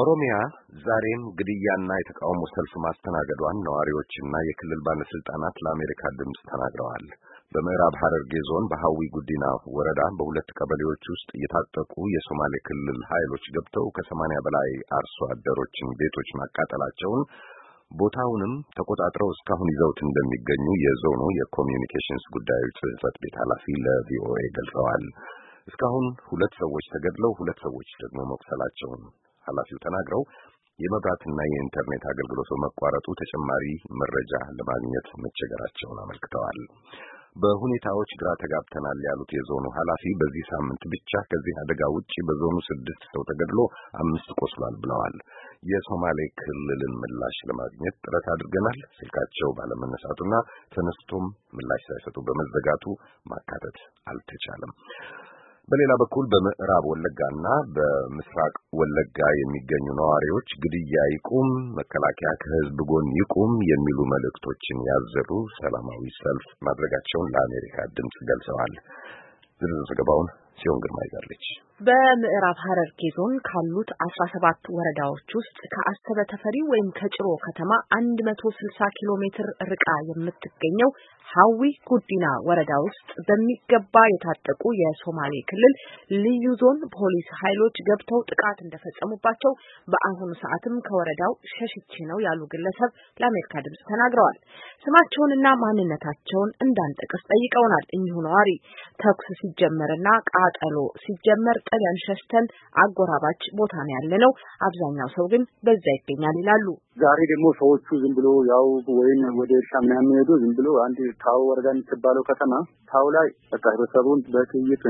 ኦሮሚያ ዛሬም ግድያና የተቃውሞ ሰልፍ ማስተናገዷን ነዋሪዎችና የክልል ባለስልጣናት ለአሜሪካ ድምፅ ተናግረዋል። በምዕራብ ሐረርጌ ዞን በሐዊ ጉዲና ወረዳ በሁለት ቀበሌዎች ውስጥ የታጠቁ የሶማሌ ክልል ኃይሎች ገብተው ከሰማንያ በላይ አርሶ አደሮችን ቤቶች ማቃጠላቸውን ቦታውንም ተቆጣጥረው እስካሁን ይዘውት እንደሚገኙ የዞኑ የኮሚዩኒኬሽንስ ጉዳዮች ጽሕፈት ቤት ኃላፊ ለቪኦኤ ገልጸዋል። እስካሁን ሁለት ሰዎች ተገድለው ሁለት ሰዎች ደግሞ መቁሰላቸውን ኃላፊው ተናግረው የመብራትና የኢንተርኔት አገልግሎት በመቋረጡ ተጨማሪ መረጃ ለማግኘት መቸገራቸውን አመልክተዋል። በሁኔታዎች ግራ ተጋብተናል ያሉት የዞኑ ኃላፊ በዚህ ሳምንት ብቻ ከዚህ አደጋ ውጪ በዞኑ ስድስት ሰው ተገድሎ አምስት ቆስሏል ብለዋል። የሶማሌ ክልልን ምላሽ ለማግኘት ጥረት አድርገናል። ስልካቸው ባለመነሳቱና ተነስቶም ምላሽ ሳይሰጡ በመዘጋቱ ማካተት አልተቻለም። በሌላ በኩል በምዕራብ ወለጋና በምስራቅ ወለጋ የሚገኙ ነዋሪዎች ግድያ ይቁም፣ መከላከያ ከህዝብ ጎን ይቁም የሚሉ መልእክቶችን ያዘሉ ሰላማዊ ሰልፍ ማድረጋቸውን ለአሜሪካ ድምፅ ገልጸዋል። ዝርዝር ዘገባውን ጽዮን ግርማ ይዛለች። በምዕራብ ሐረርጌ ዞን ካሉት አስራ ሰባት ወረዳዎች ውስጥ ከአሰበ ተፈሪ ወይም ከጭሮ ከተማ አንድ መቶ ስልሳ ኪሎ ሜትር ርቃ የምትገኘው ሀዊ ጉዲና ወረዳ ውስጥ በሚገባ የታጠቁ የሶማሌ ክልል ልዩ ዞን ፖሊስ ኃይሎች ገብተው ጥቃት እንደፈጸሙባቸው በአሁኑ ሰዓትም ከወረዳው ሸሽቼ ነው ያሉ ግለሰብ ለአሜሪካ ድምጽ ተናግረዋል። ስማቸውንና ማንነታቸውን እንዳንጠቅስ ጠይቀውናል። እኚሁ ነዋሪ ተኩስ ሲጀመርና ቃ ቃጠሎ ሲጀመር ሸስተን አጎራባች ቦታ ነው ያለነው። አብዛኛው ሰው ግን በዛ ይገኛል ይላሉ። ዛሬ ደግሞ ሰዎቹ ዝም ብሎ ያው ወይም ወደ እርሻ ምናምን ሄዶ ዝም ብሎ አንድ ታው ወረዳ የምትባለው ከተማ ታው ላይ በቃ ህብረተሰቡን በጥይት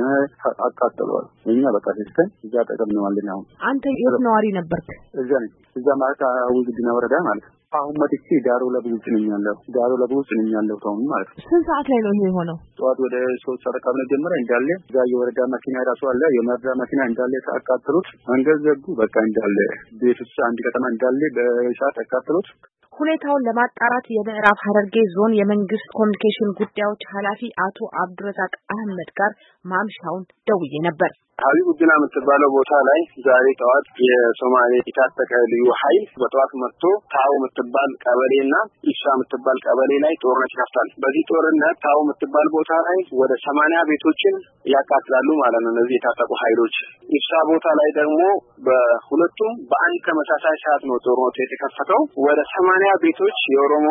አቃጥለዋል። እኛ በቃ ሲስተን እዛ ጠቀም ነው አለን። አሁን አንተ የት ነዋሪ ነበርክ? እዛ ነኝ። እዛ ማለት አዊ ግድና ወረዳ ማለት ነው። አሁን መጥቼ ዳሮ ለብዙ ጭንኛለሁ ዳሮ ለብዙ ጭንኛለሁ ታሁን ማለት ነው። ስንት ሰዓት ላይ ነው ይሄ የሆነው? ጠዋት ወደ ሶስት ሰዓት አካባቢ ጀምረ እንዳለ እዛ የወረዳ መኪና ራሱ አለ የመረዳ መኪና እንዳለ አቃጥሉት፣ መንገድ ዘጉ። በቃ እንዳለ ቤት ውስጥ አንድ ከተማ እንዳለ በሻ እሳት ሁኔታውን ለማጣራት የምዕራብ ሀረርጌ ዞን የመንግስት ኮሚኒኬሽን ጉዳዮች ኃላፊ አቶ አብዱረዛቅ አህመድ ጋር ማምሻውን ደውዬ ነበር። ሀቢቡዲና የምትባለው ቦታ ላይ ዛሬ ጠዋት የሶማሌ የታጠቀ ልዩ ኃይል በጠዋት መጥቶ ታው የምትባል ቀበሌና ኢሳ የምትባል ቀበሌ ላይ ጦርነት ይከፍታል። በዚህ ጦርነት ታው የምትባል ቦታ ላይ ወደ ሰማንያ ቤቶችን ያቃጥላሉ ማለት ነው እነዚህ የታጠቁ ኃይሎች። ኢሳ ቦታ ላይ ደግሞ በሁለቱም በአንድ ተመሳሳይ ሰዓት ነው ጦርነቱ የተከፈተው። ወደ ሰማንያ ቤቶች የኦሮሞ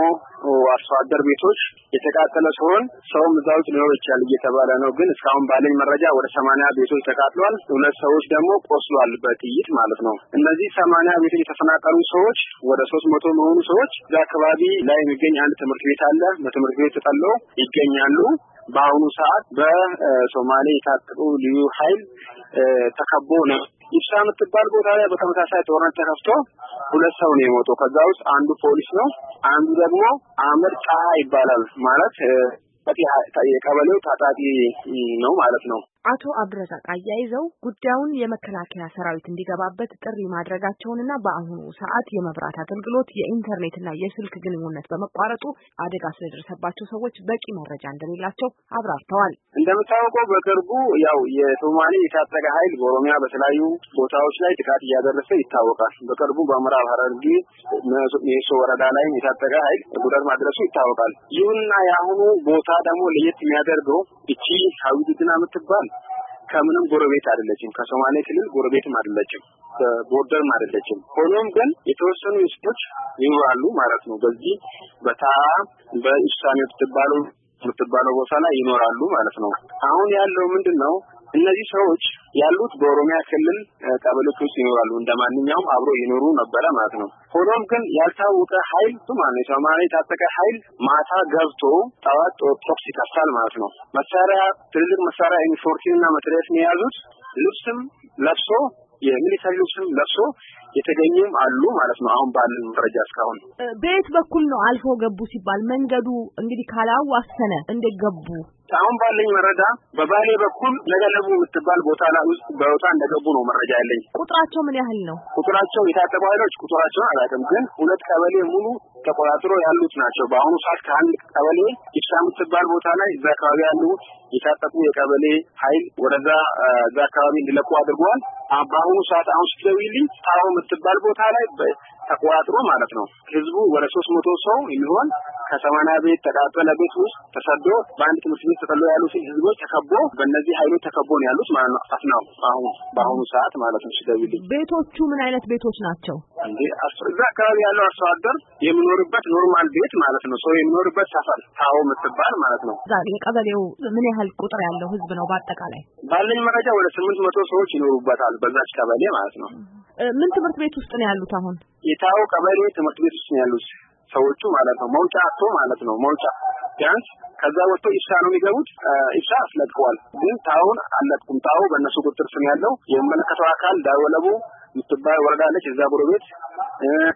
አርሶ አደር ቤቶች የተቃጠለ ሲሆን ሰውም እዛ ውስጥ ሊኖር ይችላል እየተባለ ነው። ግን እስካሁን ባለኝ መረጃ ወደ ሰማንያ ቤቶች ተቃጥሎ ተገድሏል፣ ሁለት ሰዎች ደግሞ ቆስሏል በጥይት ማለት ነው። እነዚህ ሰማንያ ቤት የተፈናቀሉ ሰዎች ወደ ሶስት መቶ መሆኑ ሰዎች እዛ አካባቢ ላይ የሚገኝ አንድ ትምህርት ቤት አለ። በትምህርት ቤት ተጠለው ይገኛሉ። በአሁኑ ሰዓት በሶማሌ የታጠቁ ልዩ ኃይል ተከቦ ነው። ይብሳ የምትባል ቦታ ላይ በተመሳሳይ ጦርነት ተከፍቶ ሁለት ሰው ነው የሞተው። ከዛ ውስጥ አንዱ ፖሊስ ነው፣ አንዱ ደግሞ አመድ ጣሃ ይባላል ማለት የቀበሌው ታጣቂ ነው ማለት ነው። አቶ አብዱረዛቅ አያይዘው ጉዳዩን የመከላከያ ሰራዊት እንዲገባበት ጥሪ ማድረጋቸውንና በአሁኑ ሰዓት የመብራት አገልግሎት የኢንተርኔትና የስልክ ግንኙነት በመቋረጡ አደጋ ስለደረሰባቸው ሰዎች በቂ መረጃ እንደሌላቸው አብራርተዋል። እንደምታወቀው በቅርቡ ያው የሶማሌ የታጠቀ ኃይል በኦሮሚያ በተለያዩ ቦታዎች ላይ ጥቃት እያደረሰ ይታወቃል። በቅርቡ በምዕራብ ሐረርጌ ሜሶ ወረዳ ላይ የታጠቀ ኃይል ጉዳት ማድረሱ ይታወቃል። ይሁንና የአሁኑ ቦታ ደግሞ ለየት የሚያደርገው እቺ ሀዊድድና የምትባል ከምንም ጎረቤት አይደለችም። ከሶማሌ ክልል ጎረቤትም አይደለችም፣ ቦርደርም አይደለችም። ሆኖም ግን የተወሰኑ ህዝቦች ይኖራሉ ማለት ነው። በዚህ በታ በኢሳም የምትባለው የምትባለው ቦታ ላይ ይኖራሉ ማለት ነው። አሁን ያለው ምንድን ነው? እነዚህ ሰዎች ያሉት በኦሮሚያ ክልል ቀበሌዎች ውስጥ ይኖራሉ። እንደ ማንኛውም አብሮ ይኖሩ ነበረ ማለት ነው። ሆኖም ግን ያልታወቀ ኃይል ማለት የሶማሌ የታጠቀ ኃይል ማታ ገብቶ ጠዋት ተኩስ ይከፍታል ማለት ነው። መሳሪያ፣ ትልልቅ መሳሪያ ኢንፎርቲን እና መትረየስን የያዙት ልብስም ለብሶ የሚሊተሪ ልብስም ለብሶ የተገኙም አሉ ማለት ነው። አሁን ባለን መረጃ እስካሁን በየት በኩል ነው አልፎ ገቡ ሲባል መንገዱ እንግዲህ ካላዋሰነ እንደገቡ አሁን ባለኝ መረጃ በባሌ በኩል ለገለቡ የምትባል ቦታ ላይ ውስጥ በወጣ እንደገቡ ነው መረጃ ያለኝ። ቁጥራቸው ምን ያህል ነው? ቁጥራቸው የታጠቁ ኃይሎች ቁጥራቸውን አላውቅም፣ ግን ሁለት ቀበሌ ሙሉ ተቆጣጥሮ ያሉት ናቸው። በአሁኑ ሰዓት ከአንድ ቀበሌ ኢብሳ የምትባል ቦታ ላይ እዛ አካባቢ ያሉ የታጠቁ የቀበሌ ኃይል ወደዛ እዛ አካባቢ እንዲለቁ አድርጓል። በአሁኑ ሰዓት አሁን ስትደውይልኝ ታሮ የምትባል ቦታ ላይ ተቆጣጥሮ ማለት ነው። ህዝቡ ወደ ሶስት መቶ ሰው የሚሆን ከሰማና ቤት ተቃጠለ ቤት ውስጥ ተሰዶ በአንድ ትምህርት ቤት ተጠሎ ያሉትን ህዝቦች ተከቦ በእነዚህ ኃይሎች ተከቦ ነው ያሉት ማለት ነው። አፍናው አሁን በአሁኑ ሰዓት ማለት ነው። ሲደውልኝ ቤቶቹ ምን አይነት ቤቶች ናቸው? እንዴ እዛ አካባቢ ያለው አርሶ አደር የሚኖርበት ኖርማል ቤት ማለት ነው። ሰው የሚኖርበት ሰፈር ታዎ የምትባል ማለት ነው። ዛሬ የቀበሌው ምን ያህል ቁጥር ያለው ህዝብ ነው? በአጠቃላይ ባለኝ መረጃ ወደ ስምንት መቶ ሰዎች ይኖሩበታል በዛች ቀበሌ ማለት ነው። ምን ትምህርት ቤት ውስጥ ነው ያሉት? አሁን የታው ቀበሌ ትምህርት ቤት ውስጥ ነው ያሉት ሰዎቹ ማለት ነው። መውጫ አቶ ማለት ነው መውጫ ቢያንስ ከዛ ወጥቶ ኢፍሳ ነው የሚገቡት። ኢፍሳ አስለቅቀዋል፣ ግን ታውን አለቅኩም። ታው በእነሱ ቁጥር ስም ያለው የመለከተው አካል ዳወለቡ የምትባል ወረዳለች። እዛ ጎረቤት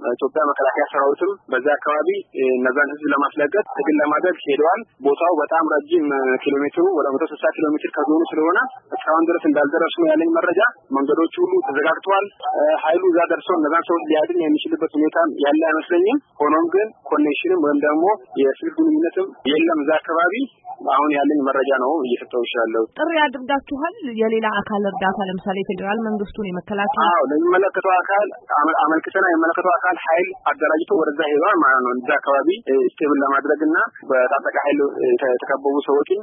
በኢትዮጵያ መከላከያ ሰራዊትም በዛ አካባቢ እነዛን ህዝብ ለማስለቀቅ ትግል ለማድረግ ሄደዋል። ቦታው በጣም ረጅም ኪሎ ሜትሩ ወደ መቶ ስልሳ ኪሎ ሜትር ከዞኑ ስለሆነ እስካሁን ድረስ እንዳልደረሱ ነው ያለኝ መረጃ። መንገዶች ሁሉ ተዘጋግተዋል። ኃይሉ እዛ ደርሶ እነዛን ሰዎች ሊያድን የሚችልበት ሁኔታ ያለ አይመስለኝም። ሆኖም ግን ኮኔክሽንም ወይም ደግሞ የስልክ ግንኙነትም የለም እዛ አካባቢ አሁን ያለኝ መረጃ ነው እየሰጠው ይችላለሁ። ጥሪ አድርጋችኋል? የሌላ አካል እርዳታ ለምሳሌ ፌዴራል መንግስቱን የመከላከል ለሚመለከተው አካል አመልክተና የሚመለከተው አካል ኃይል አደራጅቶ ወደዛ ሄዷል ማለት ነው። እዛ አካባቢ ስቴብል ለማድረግ እና በታጠቀ ኃይል የተከበቡ ሰዎችን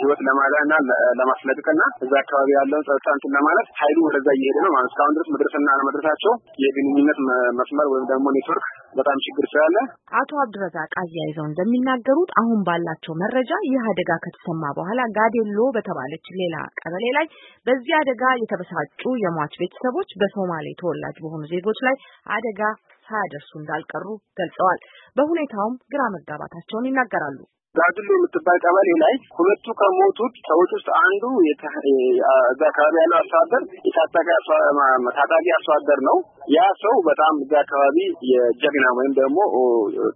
ህይወት ለማዳና ለማስለቀቅና እዛ አካባቢ ያለውን ጸጥታ እንትን ለማለት ኃይሉ ወደዛ እየሄደ ነው ማለት እስካሁን ድረስ መድረስና ለመድረሳቸው የግንኙነት መስመር ወይም ደግሞ ኔትወርክ በጣም ችግር ስላለ አቶ አብድረዛቅ አያይዘው እንደሚናገሩት አሁን ባላቸው መረጃ ይህ አደጋ ከተሰማ በኋላ ጋዴሎ በተባለች ሌላ ቀበሌ ላይ በዚህ አደጋ የተበሳጩ የሟች ቤተሰቦች በሶማሌ ተወላጅ በሆኑ ዜጎች ላይ አደጋ ሳያደርሱ እንዳልቀሩ ገልጸዋል። በሁኔታውም ግራ መጋባታቸውን ይናገራሉ። ዳድሎ የምትባል ቀበሌ ላይ ሁለቱ ከሞቱት ሰዎች ውስጥ አንዱ እዛ አካባቢ ያለው አርሶ አደር የታጠቀ ታጣቂ አርሶ አደር ነው። ያ ሰው በጣም እዛ አካባቢ የጀግና ወይም ደግሞ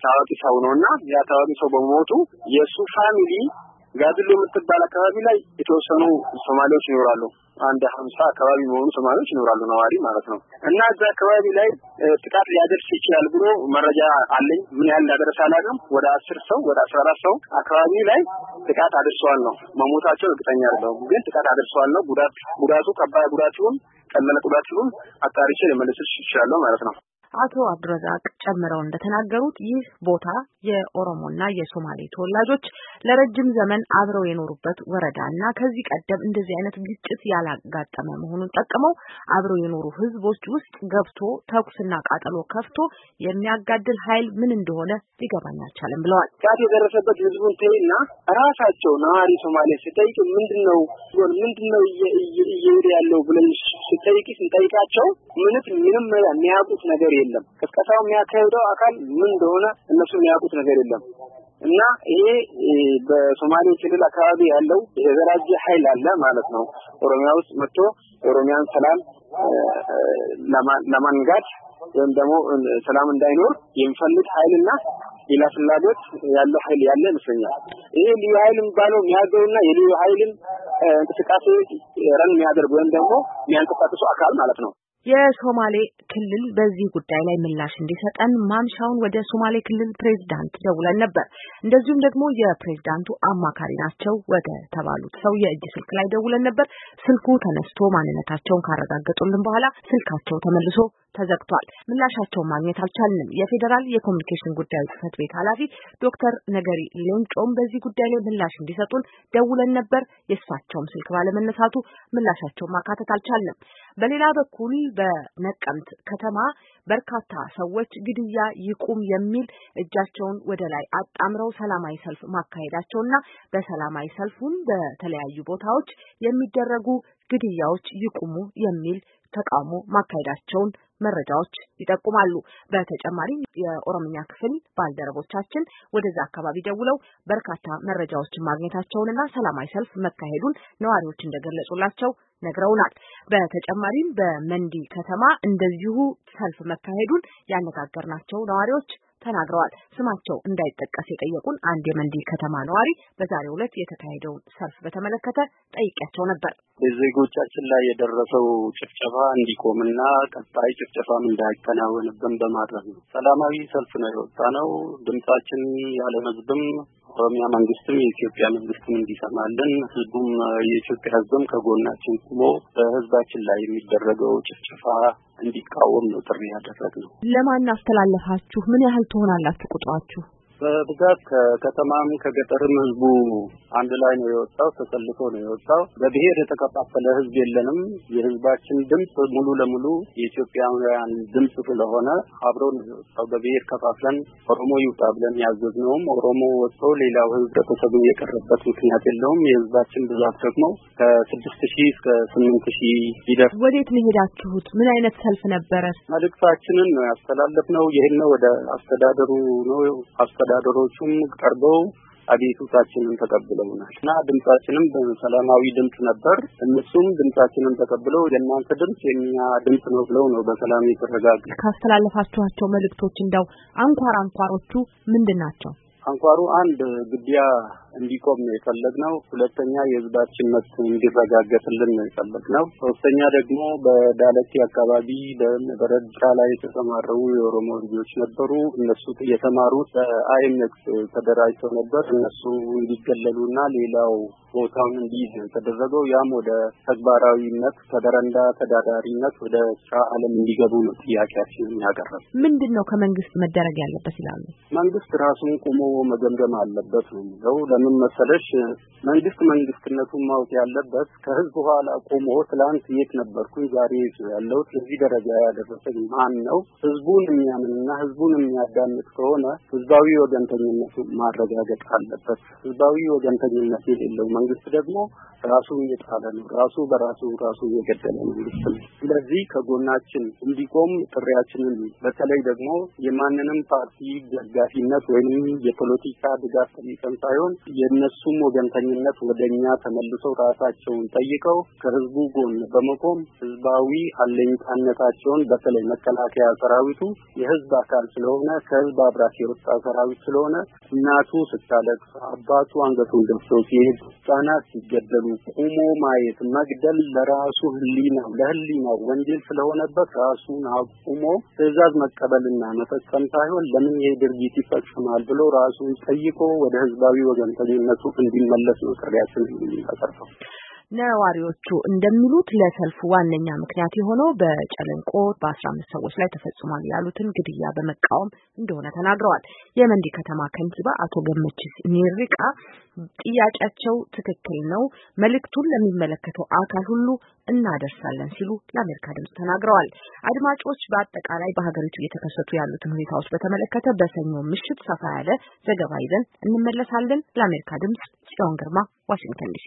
ታዋቂ ሰው ነው እና ያ ታዋቂ ሰው በሞቱ የእሱ ፋሚሊ ጋድሎ የምትባል አካባቢ ላይ የተወሰኑ ሶማሌዎች ይኖራሉ። አንድ ሀምሳ አካባቢ የሆኑ ሶማሌዎች ይኖራሉ ነዋሪ ማለት ነው። እና እዛ አካባቢ ላይ ጥቃት ሊያደርስ ይችላል ብሎ መረጃ አለኝ። ምን ያህል እንዳደረሰ አላውቅም። ወደ አስር ሰው ወደ አስራ አራት ሰው አካባቢ ላይ ጥቃት አድርሰዋል ነው። መሞታቸው እርግጠኛ አይደለሁም፣ ግን ጥቃት አድርሰዋል ነው። ጉዳት ጉዳቱ ከባድ ጉዳት ይሁን ቀለለ ጉዳት ይሁን አጣርቼ ልመልስልሽ እችላለሁ ማለት ነው። አቶ አብዱረዛቅ ጨምረው እንደተናገሩት ይህ ቦታ የኦሮሞና የሶማሌ ተወላጆች ለረጅም ዘመን አብረው የኖሩበት ወረዳ እና ከዚህ ቀደም እንደዚህ አይነት ግጭት ያላጋጠመ መሆኑን ጠቅመው አብረው የኖሩ ህዝቦች ውስጥ ገብቶ ተኩስና ቃጠሎ ከፍቶ የሚያጋድል ኃይል ምን እንደሆነ ሊገባን አልቻለም ብለዋል። ጉዳት የደረሰበት ህዝቡን ተይና ራሳቸው ነዋሪ ሶማሌ ስጠይቅ ምንድነው ምንድነው እየሄደ ያለው ብለን ስጠይቅ ስንጠይቃቸው ምንት ምንም የሚያውቁት ነገር የለም። ቅስቀሳው የሚያካሄደው አካል ምን እንደሆነ እነሱ የሚያውቁት ነገር የለም። እና ይሄ በሶማሌ ክልል አካባቢ ያለው የተደራጀ ኃይል አለ ማለት ነው። ኦሮሚያ ውስጥ መጥቶ ኦሮሚያን ሰላም ለማንጋድ ወይም ደግሞ ሰላም እንዳይኖር የሚፈልግ ኃይልና ሌላ ፍላጎት ያለው ኃይል ያለ ይመስለኛል። ይሄ ልዩ ኃይል የሚባለው የሚያገውና የልዩ ኃይልን እንቅስቃሴ ረን የሚያደርግ ወይም ደግሞ የሚያንቀሳቅሱ አካል ማለት ነው። የሶማሌ ክልል በዚህ ጉዳይ ላይ ምላሽ እንዲሰጠን ማምሻውን ወደ ሶማሌ ክልል ፕሬዚዳንት ደውለን ነበር። እንደዚሁም ደግሞ የፕሬዝዳንቱ አማካሪ ናቸው ወደ ተባሉት ሰው የእጅ ስልክ ላይ ደውለን ነበር። ስልኩ ተነስቶ ማንነታቸውን ካረጋገጡልን በኋላ ስልካቸው ተመልሶ ተዘግቷል። ምላሻቸውን ማግኘት አልቻልንም። የፌዴራል የኮሚኒኬሽን ጉዳዮች ጽህፈት ቤት ኃላፊ ዶክተር ነገሪ ሌንጮም በዚህ ጉዳይ ላይ ምላሽ እንዲሰጡን ደውለን ነበር። የእሳቸውም ስልክ ባለመነሳቱ ምላሻቸውን ማካተት አልቻልንም። በሌላ በኩል በነቀምት ከተማ በርካታ ሰዎች ግድያ ይቁም የሚል እጃቸውን ወደ ላይ አጣምረው ሰላማዊ ሰልፍ ማካሄዳቸውና በሰላማዊ ሰልፉም በተለያዩ ቦታዎች የሚደረጉ ግድያዎች ይቁሙ የሚል ተቃውሞ ማካሄዳቸውን መረጃዎች ይጠቁማሉ። በተጨማሪም የኦሮምኛ ክፍል ባልደረቦቻችን ወደዛ አካባቢ ደውለው በርካታ መረጃዎችን ማግኘታቸውንና ሰላማዊ ሰልፍ መካሄዱን ነዋሪዎች እንደገለጹላቸው ነግረውናል። በተጨማሪም በመንዲ ከተማ እንደዚሁ ሰልፍ መካሄዱን ያነጋገርናቸው ነዋሪዎች ተናግረዋል። ስማቸው እንዳይጠቀስ የጠየቁን አንድ የመንዲ ከተማ ነዋሪ በዛሬው ዕለት የተካሄደውን ሰልፍ በተመለከተ ጠይቄያቸው ነበር። በዜጎቻችን ላይ የደረሰው ጭፍጨፋ እንዲቆምና ቀጣይ ጭፍጨፋም እንዳይከናወንብን በማድረግ ነው። ሰላማዊ ሰልፍ ነው የወጣ ነው። ድምጻችን ያለ ህዝብም ኦሮሚያ መንግስትም የኢትዮጵያ መንግስትም እንዲሰማልን ህዝቡም የኢትዮጵያ ህዝብም ከጎናችን ቁሞ በህዝባችን ላይ የሚደረገው ጭፍጨፋ እንዲቃወም ነው ጥሪ ነው። ለማን አስተላለፋችሁ? ምን ያህል ትሆናላችሁ ቁጥራችሁ? በብዛት ከከተማም ከገጠርም ህዝቡ አንድ ላይ ነው የወጣው። ተሰልፎ ነው የወጣው። በብሔር የተከፋፈለ ህዝብ የለንም። የህዝባችን ድምፅ ሙሉ ለሙሉ የኢትዮጵያውያን ድምፅ ስለሆነ አብሮ ነው የወጣው። በብሔር ከፋፍለን ኦሮሞ ይውጣ ብለን ያዘዝነውም ኦሮሞ ወጥቶ ሌላው ህብረተሰቡ የቀረበት ምክንያት የለውም። የህዝባችን ብዛት ደግሞ ከስድስት ሺህ እስከ ስምንት ሺህ ይደርስ። ወዴት ነው የሄዳችሁት? ምን አይነት ሰልፍ ነበረ? መልእክታችንን ነው ያስተላለፍነው። ይህን ነው ወደ አስተዳደሩ ነው አስተዳደሮቹም ቀርበው አቤቱታችንን ተቀብለውናል እና ድምጻችንም በሰላማዊ ድምጽ ነበር። እነሱም ድምጻችንን ተቀብለው የእናንተ ድምጽ የኛ ድምጽ ነው ብለው ነው በሰላም የተረጋገ ካስተላለፋችኋቸው መልእክቶች እንደው አንኳር አንኳሮቹ ምንድን ናቸው? አንኳሩ አንድ ግድያ እንዲቆም ነው የፈለግነው። ሁለተኛ የህዝባችን መብት እንዲረጋገጥልን ነው የፈለግነው። ሶስተኛ ደግሞ በዳለቲ አካባቢ በረዳ ላይ የተሰማረው የኦሮሞ ልጆች ነበሩ። እነሱ የተማሩት በአይምክስ ተደራጅተው ነበር። እነሱ እንዲገለሉና ሌላው ቦታውን እንዲይዝ ነው የተደረገው። ያም ወደ ተግባራዊነት ከበረንዳ ተዳዳሪነት ወደ ስራ አለም እንዲገቡ ነው ጥያቄያችን ያቀረብ። ምንድን ነው ከመንግስት መደረግ ያለበት ይላሉ? መንግስት ራሱን ቆሞ መገምገም አለበት ነው የሚለው። ለምን መሰለሽ መንግስት መንግስትነቱን ማወቅ ያለበት ከህዝብ ኋላ ቆሞ ትላንት የት ነበርኩኝ ዛሬ የት ያለሁት እዚህ ደረጃ ያደረሰኝ ማን ነው ህዝቡን የሚያምንና ህዝቡን የሚያዳምጥ ከሆነ ህዝባዊ ወገንተኝነቱን ማረጋገጥ አለበት። ህዝባዊ ወገንተኝነት የሌለው መንግስት ደግሞ ራሱ እየጣለ ነው። ራሱ በራሱ ራሱ እየገደለ መንግስት ነው። ስለዚህ ከጎናችን እንዲቆም ጥሪያችንን በተለይ ደግሞ የማንንም ፓርቲ ደጋፊነት ወይም የፖለቲካ ድጋፍ ጠይቀን ሳይሆን የእነሱም ወገንተኝነት ወደ እኛ ተመልሰው ራሳቸውን ጠይቀው ከህዝቡ ጎን በመቆም ህዝባዊ አለኝታነታቸውን በተለይ መከላከያ ሰራዊቱ የህዝብ አካል ስለሆነ ከህዝብ አብራክ የወጣ ሰራዊት ስለሆነ እናቱ ስታለቅስ አባቱ አንገቱን ደፍቶ ሲሄድ ሕፃናት ሲገደሉ ቁሞ ማየት መግደል ለራሱ ህሊናው ለህሊናው ወንጀል ስለሆነበት ራሱን አቁሞ ትዕዛዝ መቀበልና መፈጸም ሳይሆን ለምን ይሄ ድርጊት ይፈጽማል ብሎ ራሱን ጠይቆ ወደ ህዝባዊ ወገንተኝነቱ እንዲመለስ ነው ጥሪያችን የምናቀርበው። ነዋሪዎቹ እንደሚሉት ለሰልፉ ዋነኛ ምክንያት የሆነው በጨለንቆ በአስራ አምስት ሰዎች ላይ ተፈጽሟል ያሉትን ግድያ በመቃወም እንደሆነ ተናግረዋል። የመንዲ ከተማ ከንቲባ አቶ ገመችስ ሚሪቃ ጥያቄያቸው ትክክል ነው፣ መልእክቱን ለሚመለከተው አካል ሁሉ እናደርሳለን ሲሉ ለአሜሪካ ድምጽ ተናግረዋል። አድማጮች፣ በአጠቃላይ በሀገሪቱ እየተከሰቱ ያሉትን ሁኔታዎች በተመለከተ በሰኞ ምሽት ሰፋ ያለ ዘገባ ይዘን እንመለሳለን። ለአሜሪካ ድምጽ ጽዮን ግርማ ዋሽንግተን ዲሲ